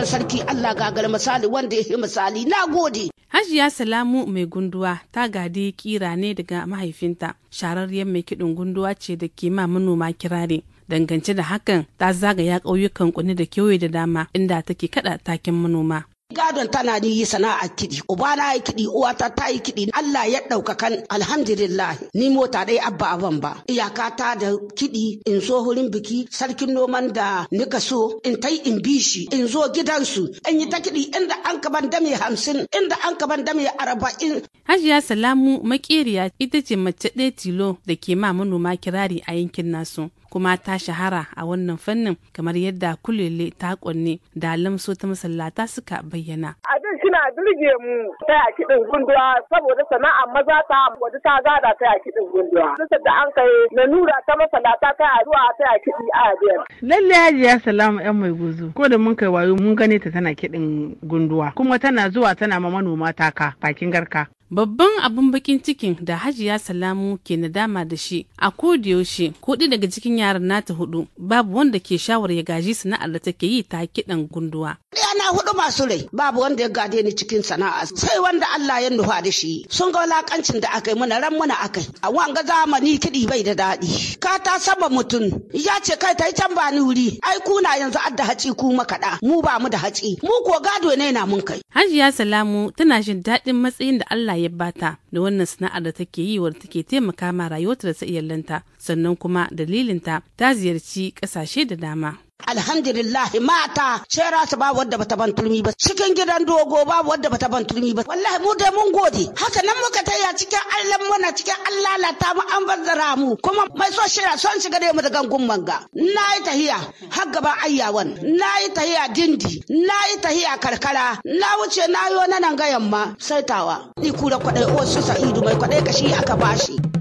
gaban sarki Allah gagar misali wanda ya misali na gode. Hajiya Salamu mai gunduwa ta gadi kira ne daga mahaifinta shararriyar mai kiɗin gunduwa ce da ke ma manoma kirare. Dangance da hakan ta zagaya ƙauyukan kunni da kewaye da dama inda take kaɗa takin manoma. gadon tana ni yi sana'a kiɗi ubana ya kiɗi uwata ta yi kiɗi Allah ya kan alhamdulillah ni mota dai abba aban ba iyaka ta da kiɗi in zo hurin biki sarkin noman da nika so in tai in bishi. in zo gidansu in yi ta kiɗi inda an ka ban dame hamsin inda an ka ban dame arba'in. Hajiya Salamu makeriya ita ce mace ɗaya tilo da ke ma manoma kirari a yankin nasu. kuma ta shahara a wannan fannin kamar yadda kulle ta kunni da lamso ta masallata suka bayyana. Abin suna birge mu ta ya kiɗin gunduwa saboda sana'a maza ta wadda ta gada ta ya kiɗin gunduwa. Nasa da an kai na nura ta masallata ta ya zuwa ta ya kiɗi a biyar. Lalle hajiya salamu yan mai guzu ko da mun kai wayo mun gane ta tana kiɗin gunduwa kuma tana zuwa tana ma manoma taka bakin garka. babban abin bakin cikin da hajiya salamu ke nadama da shi a yaushe kuɗi daga cikin yaran nata hudu babu wanda ke shawar ya gaji sana'ar da ke yi ta kiɗan gunduwa yana hudu masu rai babu wanda ya gade ni cikin sana'a sai wanda Allah ya nufa da shi sun ga wulakancin da aka yi mana ran muna akai a wanga zamani kiɗi bai da daɗi ka ta saba mutum ya ce kai ta yi can ba ni wuri ai kuna yanzu adda haci ku makaɗa mu ba mu da haci mu ko gado ne na mun kai hajiya salamu tana jin daɗin matsayin da Allah ya bata da wannan sana'ar da take yi wadda take taimaka ma rayuwarta da ta lanta sannan kuma dalilinta ta ziyarci ƙasashe da dama. alhamdulillah mata cera su ba wadda bata ban turmi ba cikin gidan dogo ba wadda bata ban turmi ba wallahi mu da mun gode haka nan muka taya cikin Allah muna cikin Allah lata mu an bazzara mu kuma mai so shira son shiga da mu da gangun manga nayi tahiya har gaban ayyawan nayi tahiya dindi nayi tahiya karkara na wuce nayo nan ga yamma saitawa ni kura kwadai o su sa'idu mai kwadai kashi aka bashi